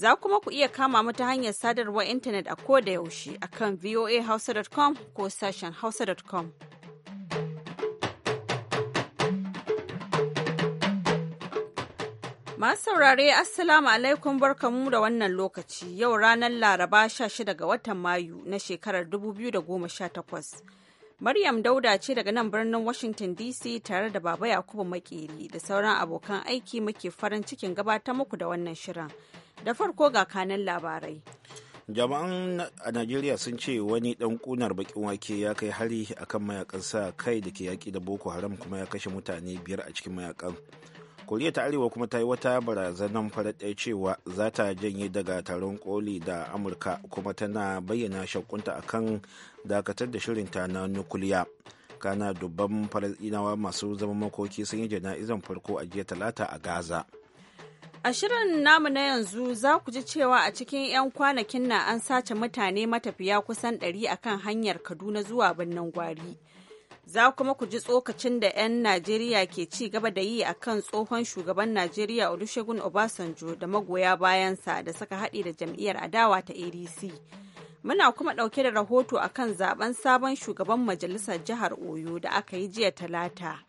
Za kuma ku iya kama mu ta hanyar sadarwar intanet a ko da yaushe a kan voahausa.com ko sashen hausa.com. Masu saurare Assalamu alaikum barkamu da wannan lokaci yau ranar Laraba 16 ga watan Mayu na shekarar 2018. Maryam Dauda ce daga nan birnin Washington DC tare da Baba Yakubu Makeri da sauran abokan aiki muke farin cikin gabatar muku da wannan shirin. Da farko ga kanan labarai. Jama'an a Najeriya sun ce wani dan kunar bakin wake ya kai hari akan mayakan sa kai da ke yaki da Boko Haram kuma ya kashe mutane biyar a cikin mayakan. Koriya ta Arewa kuma ta yi wata barazanan farar cewa za ta janye daga taron koli da Amurka kuma tana bayyana shakkunta akan dakatar da shirinta na nukuliya. Kana dubban falasɗinawa masu zama makoki sun yi jana'izan farko a jiya talata a Gaza. A shirin namu na yanzu za ku ji cewa a cikin 'yan kwanakin na an sace mutane matafiya kusan 100 kan hanyar Kaduna zuwa birnin Gwari. Za kuma ku ji tsokacin da 'yan Najeriya ke ci gaba da yi a kan tsohon shugaban Najeriya Olusegun Obasanjo da magoya bayansa da suka haɗe da jam'iyyar adawa ta ADC. Muna kuma ɗauke da rahoto akan zaben sabon shugaban majalisar jihar Oyo da aka yi jiya talata.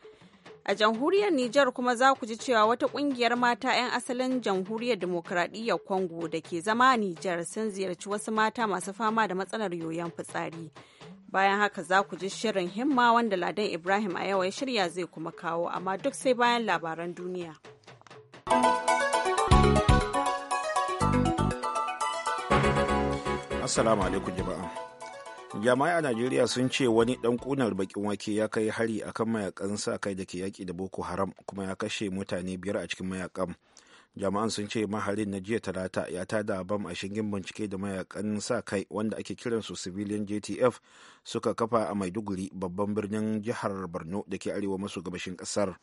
A jamhuriyar Nijar kuma za ku ji cewa wata kungiyar mata 'yan asalin jamhuriyar demokuraɗiyyar Congo da ke zama a Nijar sun ziyarci wasu mata masu fama da matsalar yoyon fitsari. Bayan haka za ku ji shirin himma wanda Ladan Ibrahim a yawa ya shirya zai kuma kawo amma duk sai bayan labaran duniya. Assalamu alaikum jama'a. jama'a a najeriya sun ce wani dan kunar bakin wake ya kai hari akan mayakan sa kai da ke yaki da boko haram kuma ya kashe mutane biyar a cikin mayakan jama'an sun ce maharin na jiya talata ya tada bam a shingen bincike da mayakan sa kai wanda ake kiran su civilian jtf suka kafa a maiduguri babban birnin jihar borno da ke arewa maso gabashin kasar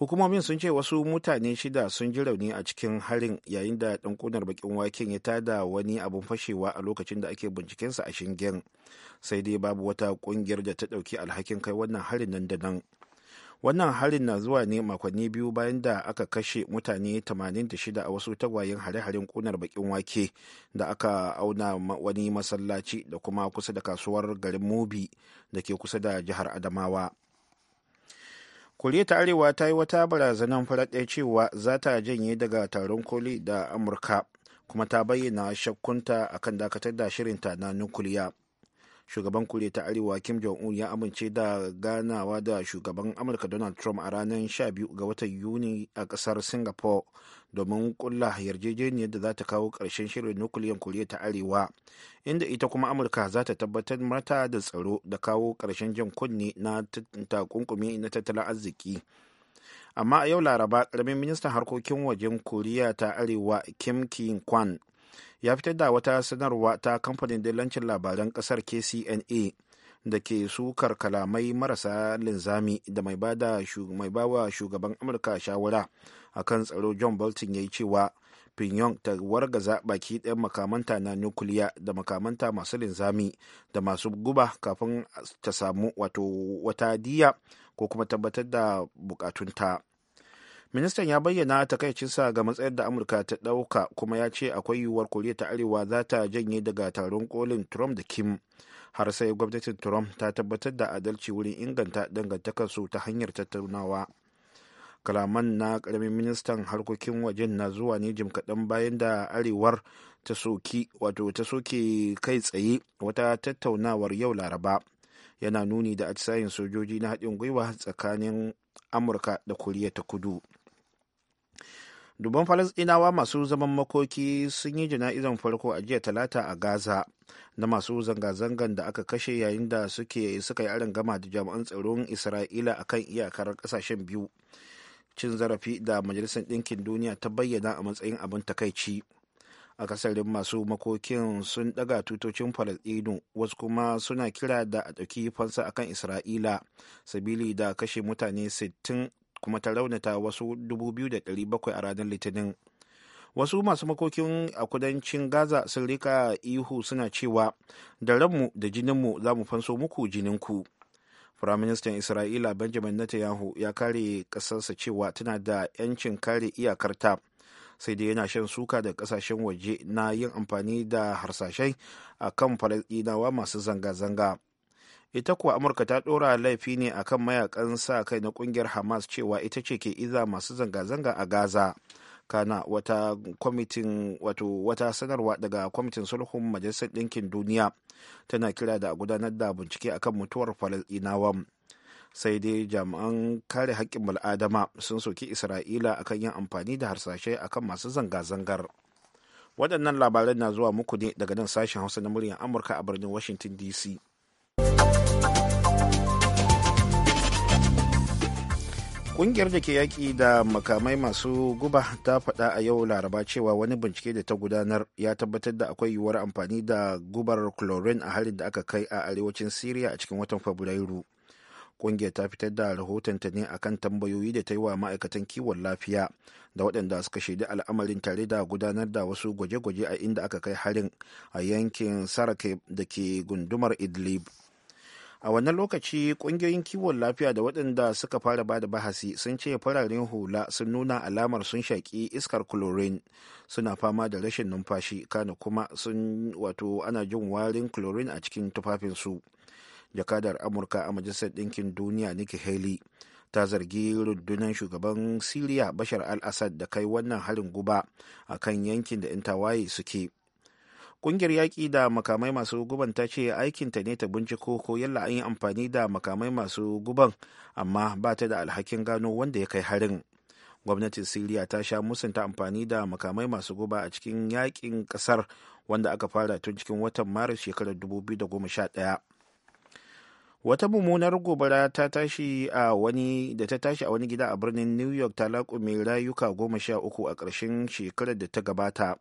hukumomin sun ce wasu mutane shida sun ji rauni a cikin harin yayin da ɗan kunar bakin waken ya tada wani abun fashewa a lokacin da ake bincikensa a shingen sai dai babu wata ƙungiyar da ta ɗauki alhakin kai wannan harin nan da nan wannan harin na zuwa ne makonni biyu bayan da aka kashe mutane 86 a wasu tagwayen hare-haren kunar bakin wake da aka auna wani masallaci da kuma kusa da kasuwar garin mobi da ke kusa da jihar adamawa koriya ta arewa ta yi wata barazanar farar cewa za ta janye daga taron koli da amurka kuma ta bayyana shakkunta a kan dakatar da shirinta na nukuliya shugaban koriya ta arewa kim jong un ya amince da ganawa da shugaban amurka donald trump a ranar 12 ga watan yuni a kasar singapore domin kulla yarjejeniyar da za ta kawo ƙarshen shirin nukiliyar koriya ta arewa inda ita kuma amurka za ta tabbatar mata da tsaro da kawo karshen jan kunne na takunkumi na tattalin arziki amma a yau laraba ƙaramin ministan harkokin wajen koriya ta arewa kim kin kwan ya fitar da wata sanarwa ta kamfanin dillancin labaran ƙasar kcna da ke sukar kalamai marasa linzami da mai bawa shugaban amurka shawara akan tsaro john bolton ya yi cewa pinyon ta wargaza baki ɗayan makamanta na nukiliya da makamanta masu linzami da masu guba kafin ta samu wato wata diya ko kuma tabbatar da bukatunta ministan ya bayyana takaicinsa ga matsayar da amurka ta ɗauka kuma ya ce akwai yiwuwar koriya ta arewa za ta janye daga taron kolin trump da kim har sai gwamnatin trump ta tabbatar da adalci wurin inganta dangantakarsu ta hanyar tattaunawa kalaman na karamin ministan harkokin wajen na zuwa ne jim kaɗan bayan da arewar ta soki wato ta soke kai tsaye wata tattaunawar yau laraba yana nuni da atisayin sojoji na haɗin gwiwa tsakanin amurka da koriya ta kudu dubban falasɗinawa masu zaman makoki sun yi jana'izan farko a jiya talata a gaza na masu zanga-zangan da aka kashe yayin da suke suka yi gama da jami'an tsaron isra'ila a kan iyakar kasashen biyu cin zarafi da majalisar ɗinkin duniya ta bayyana a matsayin abin takaici a kasarin masu makokin sun ɗaga tutocin falasɗinu wasu kuma suna kira da a ɗauki fansa akan isra'ila sabili da kashe mutane 60 kuma ta raunata wasu 2,700 a ranar litinin wasu masu makokin a kudancin gaza sun rika ihu suna cewa da ranmu da jininmu za mu fanso muku jininku firaministan isra'ila benjamin netanyahu ya kare kasarsa cewa tana da 'yancin kare iyakarta sai dai yana shan suka da kasashen waje na yin amfani da harsashai a kan falasɗinawa masu zanga-zanga ita kuwa amurka ta ɗora laifi ne a kan mayakan sa kai na ƙungiyar hamas cewa ita ce ke iza masu zanga-zanga a gaza kana wata kwamitin wato wata sanarwa daga kwamitin sulhun majalisar ɗinkin duniya tana kira da a gudanar da bincike akan mutuwar falasɗinawa sai dai jami'an kare haƙƙin bal'adama sun soki isra'ila akan yin amfani da harsashe akan masu zanga-zangar waɗannan labaran na zuwa muku ne daga nan sashen hausa na muryar amurka a birnin washington dc kungiyar da ke yaƙi da makamai masu guba ta faɗa a yau laraba cewa wani bincike da ta gudanar ya tabbatar da akwai yiwuwar amfani da gubar chlorine a halin da aka kai a arewacin syria a cikin watan fabrairu kungiyar ta fitar da rahotonta ne akan tambayoyi da ta yi wa ma'aikatan kiwon lafiya da waɗanda suka shaidi al'amarin tare da gudanar da wasu gwaje-gwaje a inda aka kai harin a yankin sarake da ke gundumar idlib a wannan lokaci kungiyoyin kiwon lafiya da waɗanda suka fara bada bahasi sun ce fararen hula sun nuna alamar sun shaƙi iskar chlorine suna fama da rashin numfashi kana kuma sun wato ana jin warin chlorine a cikin tufafinsu jakadar amurka a majalisar ɗinkin duniya nikki haley ta zargi rundunar shugaban siriya bashar al-assad da kai wannan harin guba a kan yankin da 'yan tawaye suke Ƙungiyar yaƙi da makamai masu guban ta ce aikinta ne ta binciko ko yalla an yi amfani da makamai masu guban amma ba ta da alhakin gano wanda ya kai harin. Gwamnatin Siriya ta sha musanta amfani da makamai masu guba a cikin yaƙin ƙasar wanda aka fara tun cikin watan Maris shekarar 2011. wata mummunar gobara ta tashi a wani da ta tashi a wani gida a birnin new york ta laƙume rayuka goma sha uku a ƙarshen shekarar da ta gabata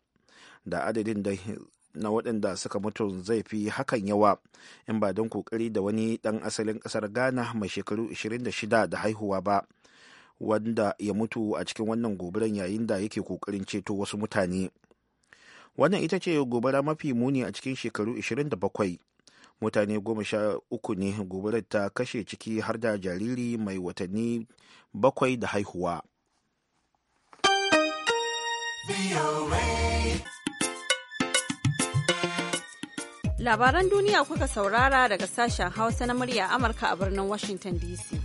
da adadin da na waɗanda suka mutu zai fi hakan yawa in ba don kokari da wani ɗan asalin ƙasar ghana mai shekaru 26 da haihuwa ba wanda ya mutu a cikin wannan gobaran yayin da yake kokarin ceto wasu mutane wannan ita ce gobara mafi muni a cikin shekaru 27 mutane goma sha uku ne gobarar ta kashe ciki har da jariri mai watanni bakwai da haihuwa. Labaran duniya kuka saurara daga sashen Hausa na murya Amurka a birnin Washington DC.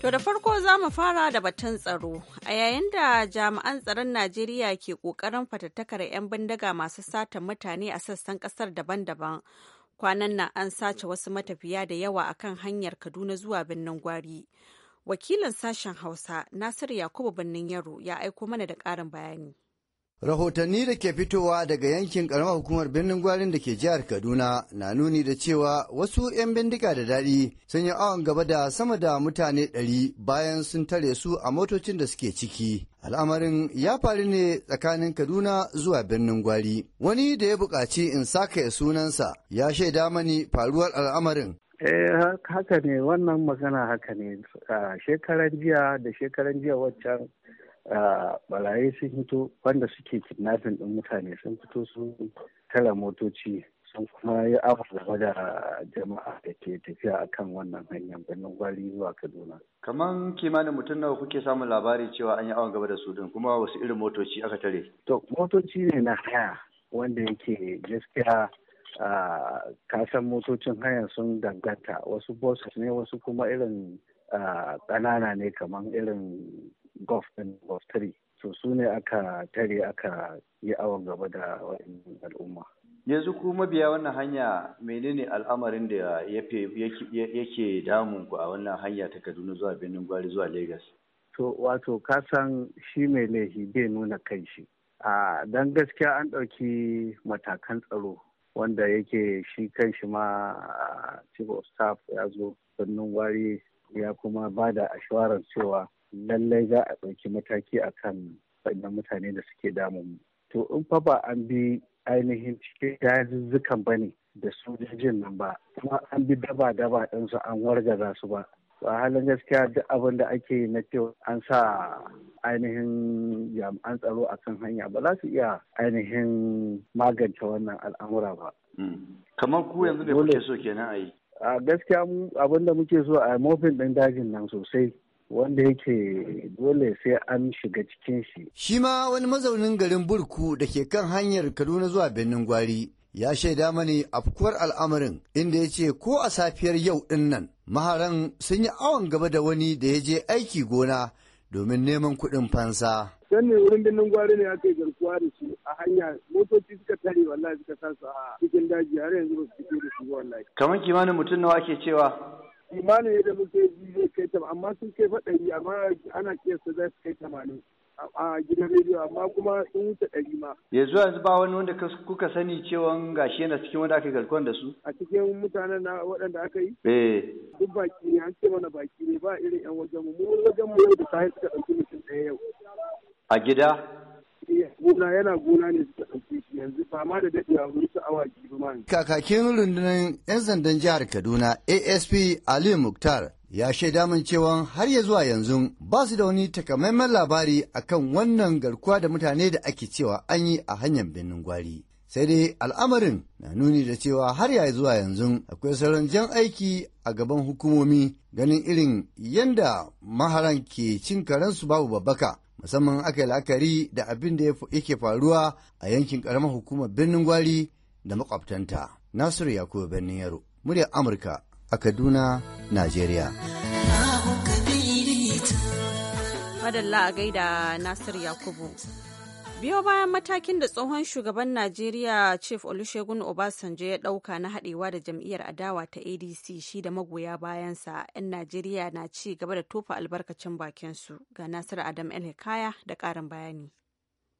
To da farko za mu fara da batun tsaro. A yayin da jami'an tsaron Najeriya ke ƙoƙarin fatattakar 'yan bindiga masu satan mutane a sassan ƙasar daban-daban. Kwanan nan an sace wasu matafiya da yawa a kan hanyar Kaduna zuwa birnin Gwari. Wakilin sashen Hausa, Nasiru Yakubu Birnin Yaro, ya aiko mana da ƙarin bayani. Rahotanni da ke fitowa daga yankin karamar hukumar birnin gwarin da ke jihar Kaduna na nuni da cewa wasu 'yan bindiga da daɗi sun yi awon gaba da sama da mutane ɗari bayan sun tare su a motocin da suke ciki. Al'amarin ya faru ne tsakanin Kaduna zuwa birnin gwari. Wani da ya buƙaci in saka sunansa ya shaida mani faruwar al'amarin. Eh haka ne wannan magana haka ne shekaran jiya da shekaran jiya waccan barayi sun hito wanda suke kidnapping din mutane sun fito su tara motoci sun kuma yi abubuwa da jama'a da ke tafiya akan wannan hanyar birnin gwari zuwa kaduna kaman kimanin mutum nawa kuke samun labari cewa an yi awon gaba da su din kuma wasu irin motoci aka tare to motoci ne na haya wanda yake gaskiya kasan motocin haya sun danganta wasu bosses ne wasu kuma irin ƙanana ne kamar irin golf ɗin golf 3 so su ne aka tare aka yi awon gaba da wa'annan al'umma yanzu ku biya wannan hanya menene al'amarin da yake damun ku a wannan hanya ta kaduna zuwa birnin gwari zuwa lagos to wato kasan shi mai laifi bai nuna kanshi. a dan gaskiya an ɗauki matakan tsaro wanda yake shi kanshi ma chief of staff ya zo birnin gwari ya kuma ba da cewa lallai za a ɗauki mataki a kan sannan mutane da suke damun to in fa ba an bi ainihin cikin dazuzzukan ba ne da sojojin nan ba kuma an bi daba-daba ɗinsu an wargaza su ba a halin gaskiya duk abin da ake na cewa an sa ainihin jami'an tsaro a kan hanya ba za su iya ainihin magance wannan al'amura ba. Hmm. kamar ku yanzu da kuke so kenan a yi. a gaskiya abin da muke so a mofin ɗin dajin nan sosai wanda yake dole sai an shiga cikin shi. Shi ma wani mazaunin garin Burku da ke kan hanyar Kaduna zuwa Birnin Gwari ya shaida mani afkuwar al'amarin inda ya ce ko a safiyar yau ɗin nan maharan sun yi awon gaba da wani da ya je aiki gona domin neman kuɗin fansa. ne wurin birnin gwari ne aka yi garkuwa da shi a hanya motoci suka tare wallahi suka sa su a cikin daji har yanzu ba su fito da su wallahi. Kamar kimanin mutum nawa ke cewa imani da muke ji zai kai ta amma sun kai fa ɗari amma ana kiyasta za su kai tamanin a gidan rediyo amma kuma sun wuce ɗari ma. yanzu yanzu ba wani wanda kuka sani cewa gashi yana cikin wanda aka garkuwan da su. a cikin mutanen na waɗanda aka yi. Eh. duk baki ne an ce mana baki ne ba irin yan wajen mu mu wajen mu yau da sahi suka ɗauki mutum ɗaya yau. a gida. gona yana gona ne suka ɗauke shi yanzu ba ma da daɗewa mun su awa ba ma. Kakakin rundunar 'yan sandan jihar Kaduna ASP Ali Muktar ya shaida min cewa har ya zuwa yanzu ba su da wani takamaiman labari akan wannan garkuwa da mutane da ake cewa an yi a hanyar birnin gwari. sai dai al'amarin na nuni da cewa har ya zuwa yanzu akwai sauran jan aiki a gaban hukumomi ganin irin yadda maharan ke cin karensu babu babbaka musamman aka yi la'akari da abin da yake faruwa a yankin karamar hukumar birnin gwari da makwabtanta nasiru yakubu birnin yaro muryar amurka a kaduna najeriya madalla a gaida nasiru yakubu biyo bayan matakin da tsohon shugaban najeriya chief olusegun obasanjo ya dauka na haɗewa da jam'iyyar adawa ta adc shi da magoya bayansa 'yan najeriya na ci gaba da tofa albarkacin bakinsu ga nasiru adam el hikaya da ƙarin bayani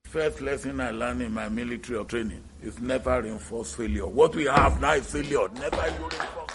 First lesson I learned in my military training is never reinforce failure. What we have now is failure, never reinforce.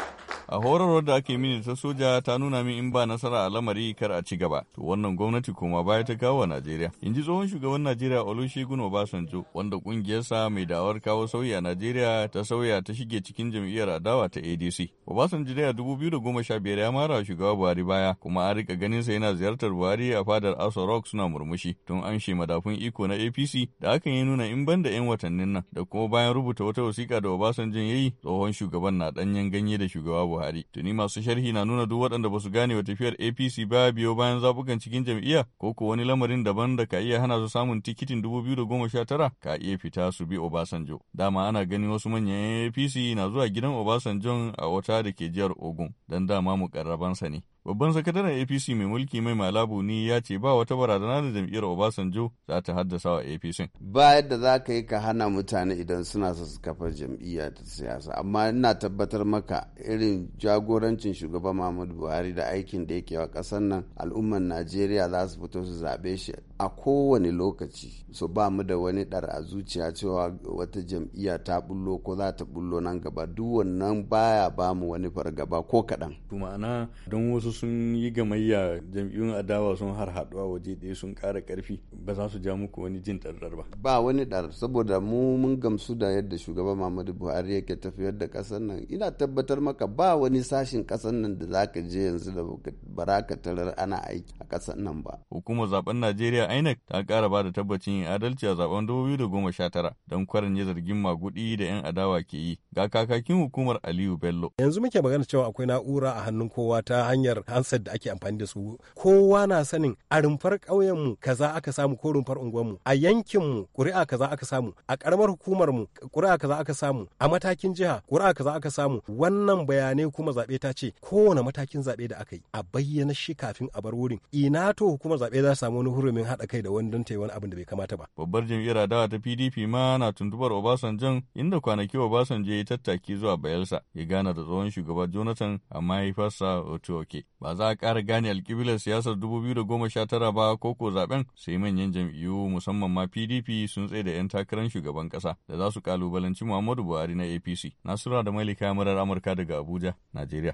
a horarwar da ake mini ta soja ta nuna min in ba nasara a lamari kar a ci gaba to wannan gwamnati kuma baya ta kawo Najeriya in ji tsohon shugaban Najeriya Olusegun Obasanjo wanda kungiyarsa mai dawar kawo sauyi a Najeriya ta sauya ta shige cikin jam'iyyar adawa ta ADC Obasanjo da 2015 ya mara shugaba Buhari baya kuma an rika ganin sa yana ziyartar Buhari a fadar Aso Rock suna murmushi tun an she madafun iko na APC da aka yi nuna in banda 'yan watannin nan da kuma bayan rubuta wata wasiƙa da Obasanjo yayi tsohon shugaban na danyen ganye da shugaba Buhari. Tuni masu sharhi na nuna duk waɗanda ba su gane wa tafiyar APC ba biyo bayan zabukan cikin jam'iyya ko ko wani lamarin daban da ka iya hana su samun tikitin 2019 ka iya fita su bi Obasanjo. Dama ana gani wasu manyan APC na zuwa gidan Obasanjon a wata da ke jihar Ogun don dama mu mukarrabansa ne. Babban sakataren APC mai mulki mai malabu ni ya ce ba wata barazana da jam'iyyar Obasanjo za ta haddasa wa APC. Ba yadda za ka yi ka hana mutane idan suna so su kafa jam'iyya ta siyasa, amma ina tabbatar maka irin jagorancin shugaban Muhammadu Buhari da aikin da yake wa ƙasar nan al'ummar Najeriya za su fito su zaɓe shi a kowane lokaci. So ba mu da wani ɗar a zuciya cewa wata jam'iyya ta bullo ko za ta bullo nan gaba duk wannan baya ba mu wani fargaba ko kaɗan. Ma'ana don wasu sun yi gamayya jam'iyyun adawa sun har haduwa waje ɗaya sun ƙara ƙarfi ba za su ja muku wani jin ɗarɗar ba. Ba wani ɗar saboda mu mun gamsu da yadda shugaban Muhammadu Buhari yake tafiyar da ƙasar nan ina tabbatar maka ba wani sashin ƙasar nan da za ka je yanzu da baraka tarar ana aiki a ƙasar nan ba. Hukumar zaben Najeriya INEC ta ƙara ba da tabbacin adalci a zaben 2019 don kwaran ya zargin maguɗi da 'yan adawa ke yi ga kakakin hukumar Aliyu Bello. Yanzu muke magana cewa akwai na'ura a hannun kowa ta hanyar hanyar hansar da ake amfani da su kowa na sanin a rumfar ƙauyenmu kaza aka samu ko rumfar unguwarmu a yankinmu ƙuri'a kaza aka samu a ƙaramar hukumarmu ƙuri'a kaza aka samu a matakin jiha ƙuri'a kaza aka samu wannan bayanai kuma zaɓe ta ce kowane matakin zaɓe da aka yi a bayyana shi kafin a bar wurin ina to hukumar zaɓe za ta samu wani hurumin haɗa kai da wani ta yi wani abin da bai kamata ba. babbar jam'iyyar adawa ta pdp ma na tuntubar obasanjan inda kwanaki obasanjo ya tattaki zuwa bayelsa ya gana da tsohon shugaba jonathan amma ya fasa otu oke ba za a ƙara gane alƙiblar siyasar dubu da goma sha tara ba ko ko zaben sai manyan jam'iyyu musamman ma PDP sun tsaye da 'yan takarar shugaban ƙasa da za su kalubalanci Muhammadu Buhari na APC. Nasura da Malika murar Amurka daga Abuja, Najeriya.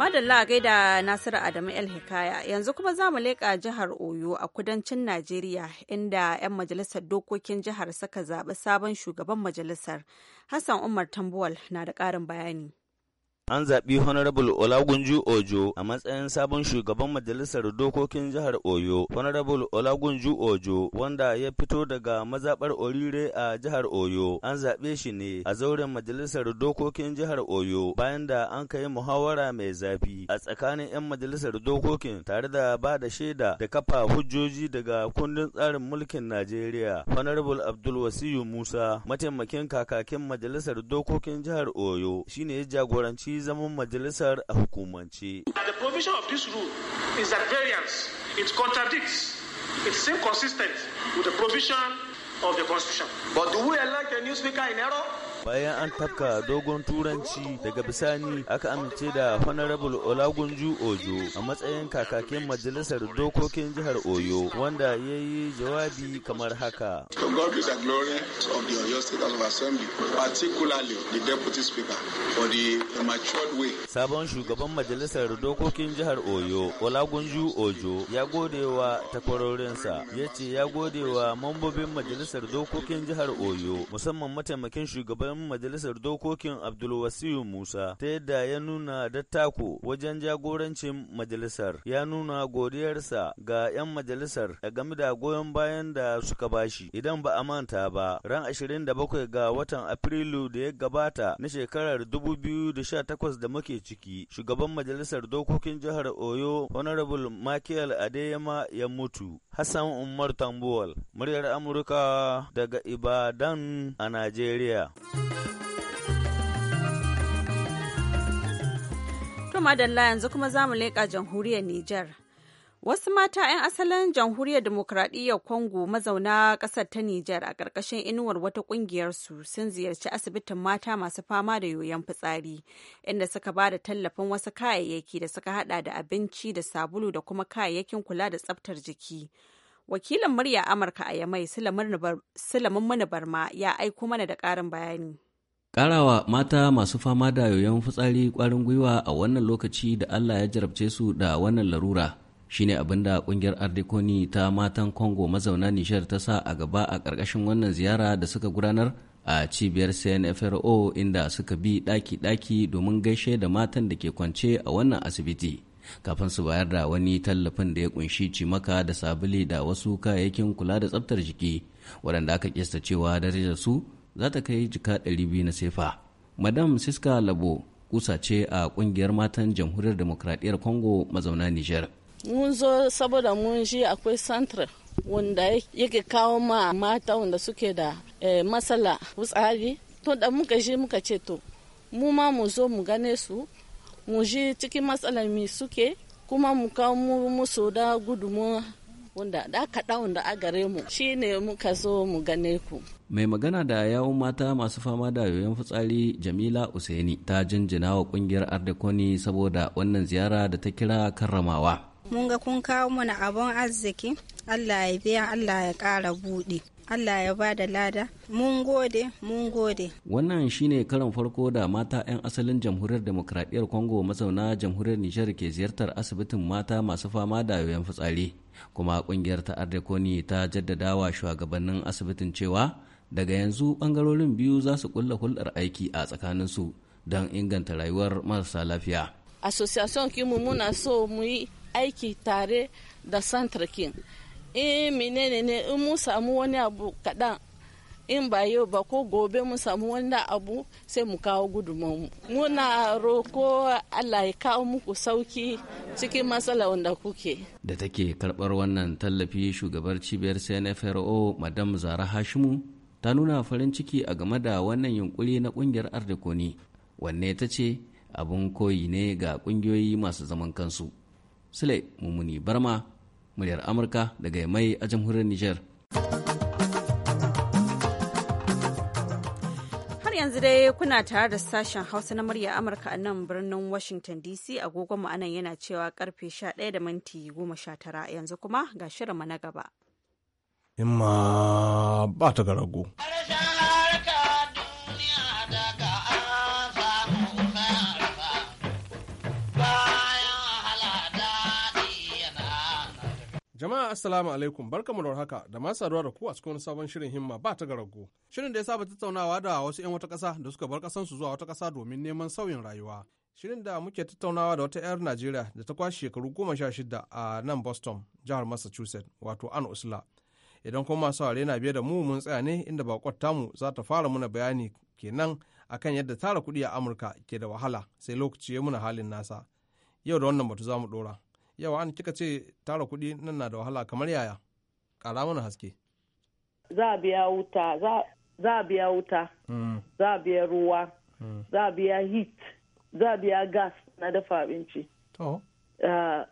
Madalla gaida Nasiru Adamu El Hikaya yanzu kuma za mu leƙa jihar Oyo a kudancin Najeriya inda 'yan majalisar dokokin jihar suka zaɓi sabon shugaban majalisar. Hassan Umar Tambuwal na da ƙarin bayani. An zaɓi Honorable Olagunju Ojo a matsayin sabon shugaban majalisar dokokin jihar Oyo. Honorable Olagunju Ojo wanda ya fito daga mazaɓar Orire a jihar Oyo. An zaɓe shi ne a zauren majalisar dokokin jihar Oyo bayan da an kai muhawara mai zafi a tsakanin 'yan majalisar dokokin tare da ba da shaida da kafa hujjoji daga kundin tsarin mulkin Najeriya. Honorable Abdul Wasiyu Musa mataimakin kakakin majalisar dokokin jihar Oyo shine ya jagoranci zaman majalisar a hukumance. The provision of this rule is at variance. It contradicts. It's inconsistent with the provision of the constitution. But do we elect a new speaker in error? bayan an tafka dogon turanci daga bisani aka amince da honorable olagunju ojo a matsayin kakakin majalisar dokokin jihar oyo wanda ya yi jawabi kamar haka sabon shugaban majalisar dokokin jihar oyo olagunju ojo ya gode wa takwarorinsa ya ce ya gode wa mambobin majalisar dokokin jihar oyo musamman mataimakin shugaban shugaban majalisar dokokin Abdulwasiyu Musa ta yadda ya nuna dattako wajen jagorancin majalisar ya nuna godiyarsa ga 'yan majalisar a game da goyon bayan da suka bashi idan ba a manta ba ran 27 ga watan Afrilu da ya gabata na shekarar 2018 da muke ciki shugaban majalisar dokokin jihar Oyo Honorable Michael Adeyema ya mutu Hassan Umar Tambuwal muryar Amurka daga Ibadan a Najeriya. madalla yanzu kuma za mu leƙa jamhuriyar Nijar. Wasu mata 'yan asalin jamhuriyar demokradiyyar kongo mazauna ƙasar ta Nijar a ƙarƙashin inuwar wata ƙungiyarsu sun ziyarci asibitin mata masu fama da yoyon fitsari, inda suka ba da tallafin wasu kayayyaki da suka hada da abinci da sabulu da kuma kayayyakin kula da tsaftar jiki. Wakilin murya Amurka a Yamai sulaman Muni Barma ya aiko mana da karin bayani. Ƙarawa mata masu fama da yoyon fitsari ƙwarin gwiwa a wannan lokaci da Allah ya jarabce su da wannan larura shine abin da ƙungiyar Ardekoni ta matan kongo mazauna Nishar ta sa a gaba a ƙarƙashin wannan ziyara da suka gudanar a cibiyar CNFRO inda suka bi ɗaki-ɗaki domin gaishe da matan da ke kwance a wannan asibiti. kafin su bayar da wani tallafin da ya kunshi cimaka da sabili da wasu kayayyakin kula da tsaftar jiki waɗanda aka kista cewa darajar su za ta kai jika ɗari biyu na sefa madam siska labo kusa ce a ƙungiyar matan jamhuriyar demokradiyyar congo mazauna niger mun zo saboda mun ji akwai santra wanda yake kawo ma mata wanda suke da eh, matsala wutsari to da muka shi muka ce to mu ma mu zo mu gane su mu ji cikin matsalar mi suke kuma mu kawo musu da gudumo wanda da aka da a gare mu shi ne muka zo mu gane ku. Mai magana da yawun mata masu fama da yoyon fitsari Jamila Usaini ta jinjina wa kungiyar Ardekoni saboda wannan ziyara da ta kira karramawa. Mun ga kun kawo mana abun arziki, Allah ya biya Allah ya kara buɗe. Allah ya ba da lada. Mun gode, mun gode. Wannan shine karan farko da mata 'yan asalin jamhuriyar demokradiyyar Congo mazauna jamhuriyar Nijar ke ziyartar asibitin mata masu fama da yoyon fitsari. Kuma kungiyar ta Ardekoni ta jaddadawa shugabannin asibitin cewa daga yanzu bangarorin biyu za su kulla hulɗar aiki a tsakanin su don inganta rayuwar marasa lafiya. Association kimu muna so mu yi aiki tare da Santrakin. eh menene ne in mun samu wani abu kaɗan in ba yau ba ko gobe mun samu wani abu sai mu kawo gudunmu muna roko allah ya kawo muku sauki cikin matsala wanda kuke da take karɓar wannan tallafi shugabar cibiyar cnfro madam zara hashimu ta nuna farin ciki a game da wannan yunkuri na ƙungiyar ardekoni wanne ta ce abin koyi ne ga ƙungiyoyi masu zaman kansu sule mummuni barma muryar amurka daga mai a jamhuriyar niger har yanzu dai kuna tare da sashen hausa na murya amurka a nan birnin washington dc agogonmu anan yana cewa karfe 11 da minti 19 yanzu kuma ga shirinmu na gaba in ma ba ta ga rago Jama'a assalamu alaikum barkamu da haka da masu saduwa da ku a cikin sabon shirin himma ba ta garago. Shirin da ya saba tattaunawa da wasu 'yan wata ƙasa da suka bar ƙasansu zuwa wata ƙasa domin neman sauyin rayuwa. Shirin da muke tattaunawa da wata 'yar Najeriya da ta kwashe shekaru goma sha shida a nan Boston, jihar Massachusetts, wato Ann Usla. Idan kuma masu saurare na biye da mu mun tsaya ne inda bakwar mu za ta fara muna bayani kenan akan yadda tara kuɗi a Amurka ke da wahala sai lokaci ya muna halin nasa. Yau da wannan batu za mu ɗora. yawa an kika ce tara kuɗi nan na da wahala kamar yaya ƙara mana haske za a biya wuta za a biya wuta mm. za a biya ruwa mm. za a biya heat za a biya gas na dafa abinci ah,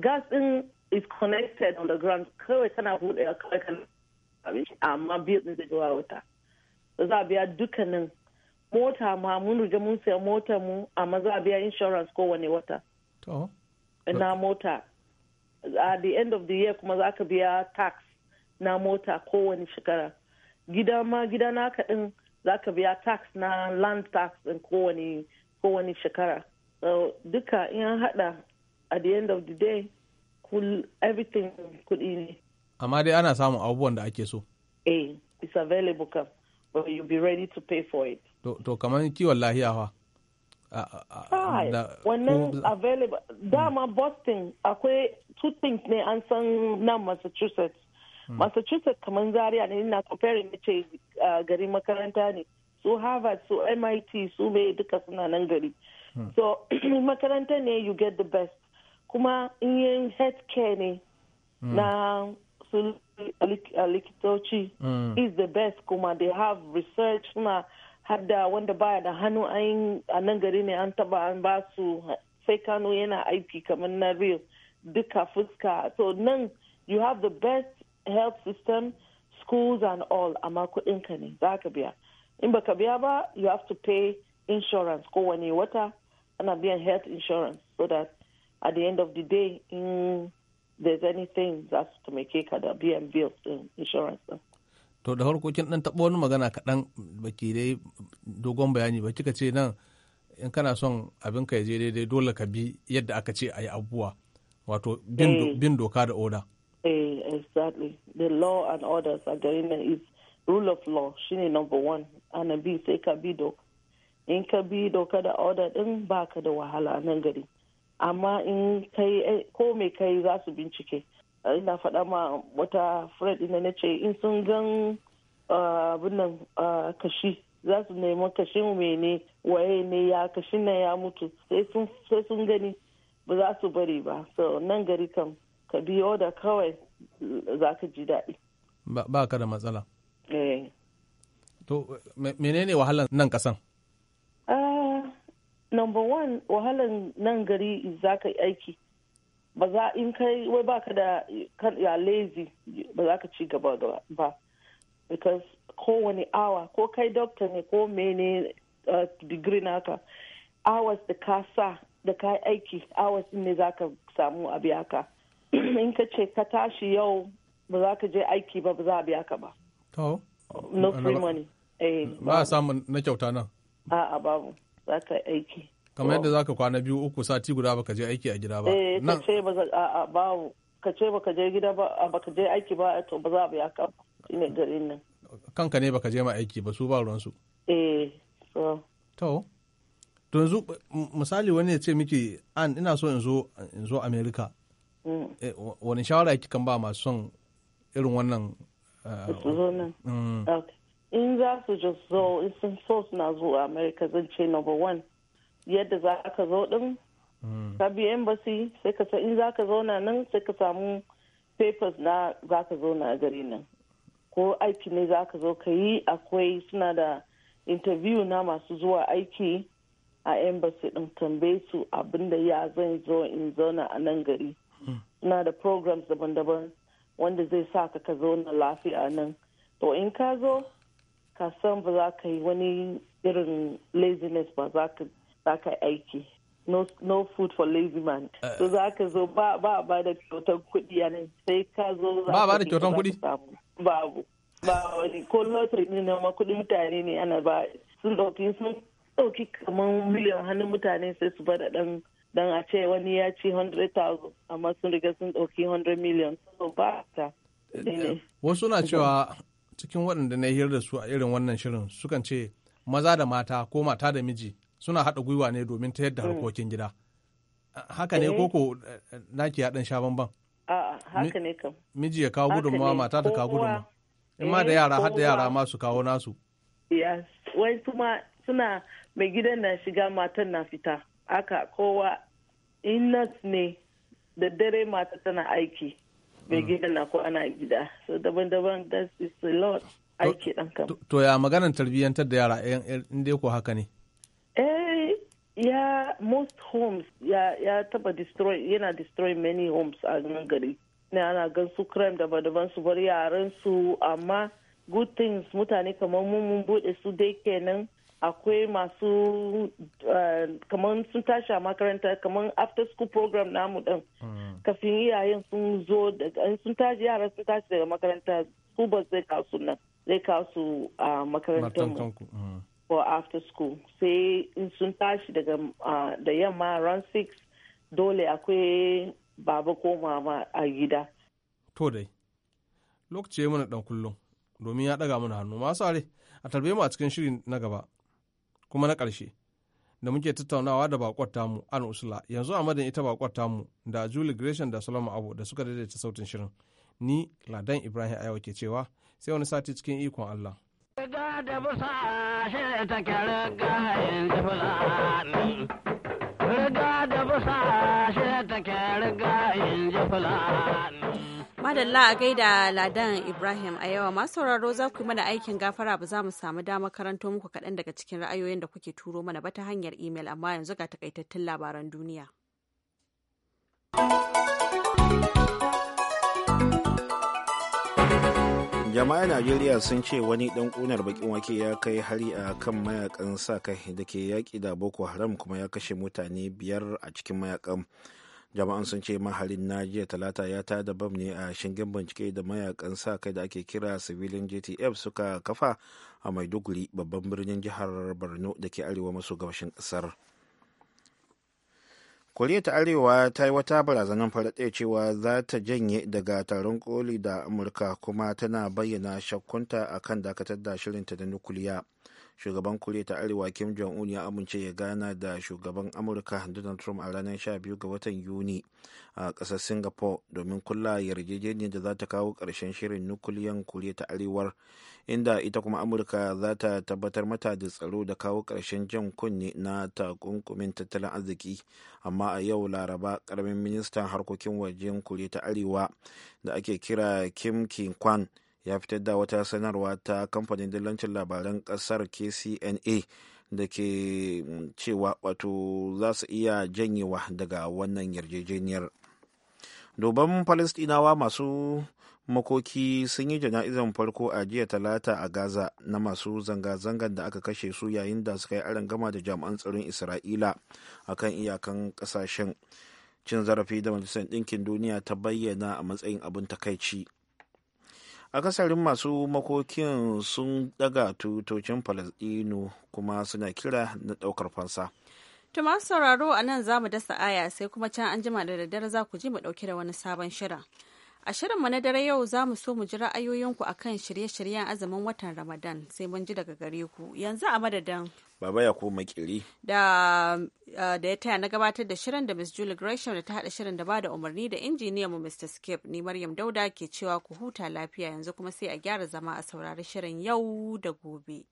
gas din is connected on the ground kawai kana buɗe kawai kana abinci amma biyu din zai zuwa wuta za a biya dukkanin mota ma mun rige mun siya mota mu amma za a biya insurance kowane wata na mota a the end of the year kuma za ka biya tax na mota kowane shekara gida ma gida naka din za ka biya tax na land tax din kowane shekara so duka in haɗa hada at the end of the day cool, everything kudi ne amma dai ana samun abubuwan da ake so eh it's available kam but you be ready to pay for it to, to kamar kiwon lahiya fa wannan available hmm. dama boston akwai two things ne an san nan massachusetts hmm. massachusetts kamar zaria ne na comparing ce gari makaranta ne su harvard su mit su mai duka suna nan gari hmm. so makaranta ne you get the best kuma in yi health care ne na su likitoci is the best kuma they have research suna har wanda baya da hannu a nan gari ne an taba an ba su sai kano yana aiki kamar na real duka fuska so nan you have the best health system schools and all amma kudinka ne za ka biya in baka biya ba you have to pay insurance kowane wata ana biyan health insurance so that at the end of the day in there's anything za su taimake ka da biyan bills din insurance to da farko kin dan tabo wani magana kaɗan baki dai dogon bayani ba kika ce nan in kana son abin ka je daidai dole ka bi yadda aka ce a yi abubuwa wato bin eh. doka da oda. Eh, exactly. The law and orders agreement is rule of law shine number one. Ana bi sai ka bi doka. In ka bi doka da order din baka da wahala a nan gari. Amma in kai eh, ko me kai za su bincike. ina faɗa ma wata fred ina na ce in sun gan ah, abin nan ah, kashi za su nemi kashin mene waye ne ya kashin nan ya mutu sai sun gani ba za su bari ba so nan gari kam ka biyo da kawai za ka ji daɗi ba ka da matsala eh to menene wahalan nan kasan ah, number one wahalan nan gari za ka aiki ba za in kai wai baka da ya lazy ba za ka ci gaba ba because kowane awa ko kai doctor ne ko mene uh, degree naka hours da ka sa da ka aiki hours ne za ka samu a biya ka in ka ce ka tashi yau ba za ka je aiki ba ba za a biya ka ba no free money eh, ba a samun na kyauta nan a'a babu za ka aiki kamar yadda oh. zaka kwana biyu uku sati guda baka je aiki a gida ba eh ka ce ba a ka ce baka je gida ba baka je aiki ba to ba za a biya ka ne garin nan kanka ne baka je ma aiki ba su ba ruwan su eh to to yanzu misali wani ya ce miki an ina so in zo in zo America mm. eh, wani shawara kikan ba masu son irin wannan eh, mm. in za su just zo in sun so suna zuwa America zan ce number one yadda za ka zo din hmm. ka biya embassy sai ka sa in za ka zauna nan sai ka samu papers na za ka zauna a gari nan ko aiki ne za ka zo ka yi akwai suna da interview na masu zuwa aiki a embassy din tambaye su abinda ya zan zo in zauna a nan gari hmm. suna da programs daban-daban wanda zai sa ka ka zauna lafiya nan to in ka zo ka san ba za ka yi wani irin laziness ba za ka zaka aiki no, no food for lazy man eh. so za ka zo ba ba ba da kyautar kuɗi a nan sai ka zo ba ba da kyautar kuɗi babu ba wani ko lottery ne na ma kuɗin mutane ne ana ba sun ɗauki sun ɗauki kamar miliyan hannun mutane sai su bada ɗan dan a ce wani ya ci 100,000 amma sun riga sun ɗauki 100 miliyan so ba ta wasu na cewa cikin waɗanda na hira da su a irin wannan shirin sukan ce maza da mata ko mata da miji suna haɗa gwiwa ne domin ta yadda mm. harkokin gida haka ne eh. koko naki ya ɗan sha bamban a'a haka ne kam miji ya kawo gudunmawa mata ta kawo gudunmawa in ma da eh, yara hada yara ma su kawo nasu yes wai kuma suna mai gidan na shiga matan na fita aka kowa innas ne da dare mata tana aiki mai mm. gidan na ko ana gida so daban-daban that is a lot aiki dan kam to ya maganar tarbiyyantar da yara eh, in dai ko haka ne eh ya most homes ya ya taba destroy yana destroy many homes a nan gari ne ana gan su crime daban-daban su bar yaran su amma good things mutane kamar mun bude su dai kenan akwai masu eh, kamar sun tashi a makaranta kamar after school program namu din mm. kafin iyayen sun zo sun tashi yaran sun tashi daga makaranta su ba zai kasu nan zai kasu a makarantar mu mm. for after school sai in sun tashi daga da yamma ran six dole akwai baba ko mama a gida to dai lokaci ya mana dan kullum domin ya daga mana hannu masu are a tarbe mu a cikin shiri na gaba kuma na ƙarshe da muke tattaunawa da bakwar tamu an usula yanzu a madan ita bakwar tamu da julie gresham da solomon abu da suka daidaita sautin shirin ni ladan ibrahim ayawa ke cewa sai wani sati cikin ikon allah da busa shi Madalla a gaida Ladan Ibrahim a yawa masu sauraro za ku yi mana aikin gafara ba za mu samu dama karanto muku kaɗan daga cikin ra'ayoyin da kuke turo mana ba ta hanyar imel amma yanzu ga takaitattun labaran duniya. jama'a najeriya sun ce wani dan kunar bakin wake ya kai hari a kan mayakan sa kai da ke yaƙi da boko haram kuma ya kashe mutane biyar a cikin mayakan jama'an sun ce maharin na jiya talata ya ta bam ne a shingen bincike da mayakan sa kai da ake kira civilian jtf suka kafa a maiduguri babban birnin jihar borno da ke arewa maso gabashin ƙasar. koriya ta arewa ta yi wata barazanar faraɗe cewa za ta janye daga taron koli da amurka kuma tana bayyana shakkunta akan dakatar da shirinta da nukuliya shugaban koriya ta arewa kim jong-un ya amince ya gana da shugaban amurka donald trump a ranar 12 ga watan yuni a kasar singapore domin kula yarjejeniyar da za ta kawo karshen shirin nukuliyan koriya ta arewar inda ita kuma amurka za ta tabbatar mata da tsaro da kawo karshen jan kunne na takunkumin tattalin arziki amma a yau laraba karamin ministan harkokin wajen koriya ta arewa da ake kira kim kin kwan ya fitar da wata sanarwa ta kamfanin dillancin labaran kasar kcna da ke mm, cewa wato za su iya janyewa daga wannan yarjejeniyar doban palestinawa masu makoki sun yi jana'izan farko a jiya talata a gaza na masu zanga zangan da aka kashe su yayin da suka yi gama da jami'an tsaron isra'ila akan iyakan kasashen cin zarafi da majalisar ɗinkin duniya ta bayyana a matsayin abin takaici akasarin masu makokin sun daga tutocin falasdino kuma suna kira na daukar fansa to sauraro a nan za mu dasa aya sai kuma can an jima da daddare za ku ji mu dauke da wani sabon shirin a shirin mu na dare yau za mu so mu ji ra'ayoyinku akan shirye-shiryen azumin watan ramadan sai mun ji daga gare ku yanzu a madadin Baba ya ko makiri. Da eh, da ya taya na gabatar da shirin da Miss Julie Gresham da ta haɗa shirin da ba da umarni da injiniya mu Mr. Skip ni Maryam Dauda ke cewa ku huta lafiya yanzu kuma sai a gyara zama a saurari shirin yau da gobe.